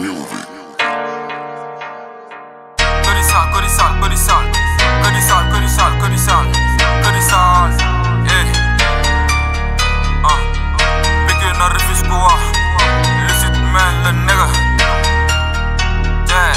music. Good job, codissal, codissal, codissal, codissal, codissal, eh. Uh, pikin on refuse go out. Lucid man, the nigga. Yeah.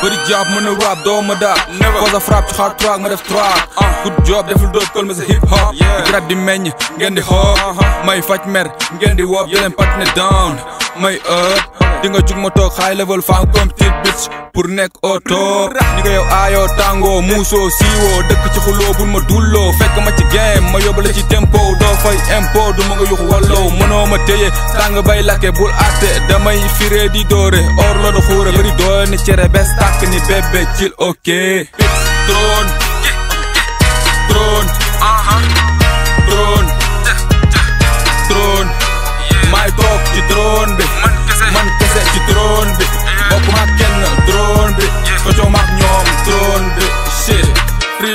Bari job mën a rap dooma daal Pose a frappe ci xaar traag nga def traag uh. Good job deful doot kol ma sa hip hop Di rap di meññ ngeen di hoop May faj mer ngeen di woop Yeleen pat ne down my heure di nga jug ma high level femme comme petite bitch pour nekk auto. top yo nga tango, muso siwo, muusoo siiwoo dëkk ci xuloo bul ma dulloo fekk ma ci game ma yóbbale ci tempo do fay impo du ma nga yux walloo mënoo ma téye tàng bay lakke bul ate. damay firee di doore or la da xuure bëri doole ni cere bes tàkk ni bébé chill, ok drone drone drone drone maay toog ci drone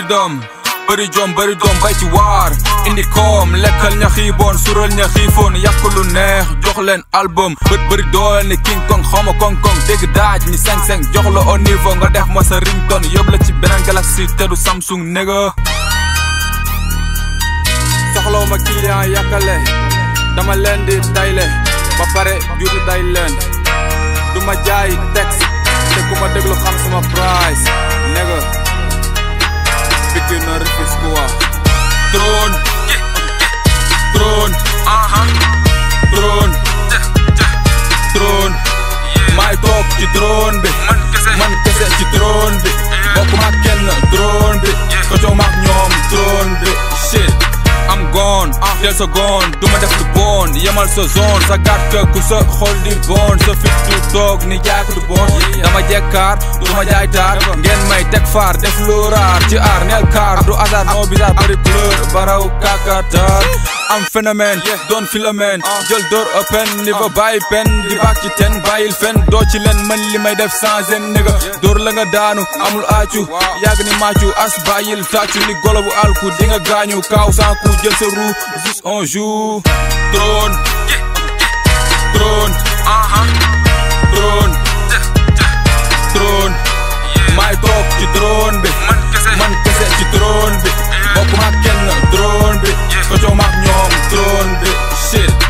dëm Bëri gjom, bëri dëm, kay ci waar Indi koom, lekkal ña xiiboon Sural ña xiifoon, yàq lu neex Jox leen album, bët bëri doole ni King Kong Xawma Kong Kong, dégg daaj ni seng seng Jox la au niveau, nga def ma sa ringtone Yóbbu la ci beneen galaxie, te Samsung nigga. soxlaw ma client yàkkale dama leen di dayle ba pare juru day leen Duma ma jaay texte te ku ma déglu xam sama price del sa goon du ma def lu bon yemal sa zone sa gàtt ku sa xol di bon sa fit soog ni jaay ko du boos dama jekkaar du ma jaay taar ngeen may teg faar def lu ci aar neel kaar du hasard non bizarre bari couleur baraw kakatar am phénomène doon phénomène jël door open ni ba bàyyi pen di bàkk ci ten bàyyil fen doo ci leen mën li may def sans en door la daanu amul aacu yàgg ni maacu as bàyyil tàccu ni golobu alku di nga gaañu kaaw saaku jël sa ruu juste un jour trône I top citron bi man kesse citron bi bokuma kenn drone bi ko jow mak ñom drone bi shit uh-huh.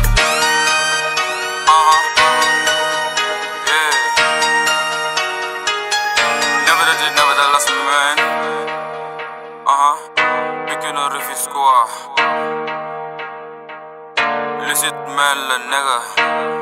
Squaw. Uh-huh. Lucid man, nigga.